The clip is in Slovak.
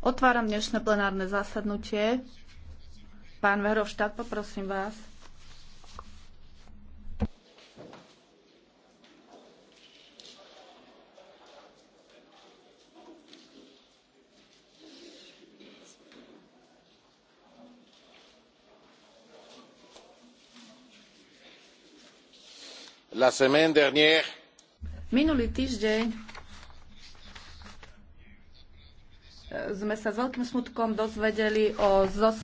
Otváram dnešné plenárne zasadnutie. Pán Verhofstadt, poprosím vás. La semaine dernière. Minulý týždeň sme sa s veľkým smutkom dozvedeli o zos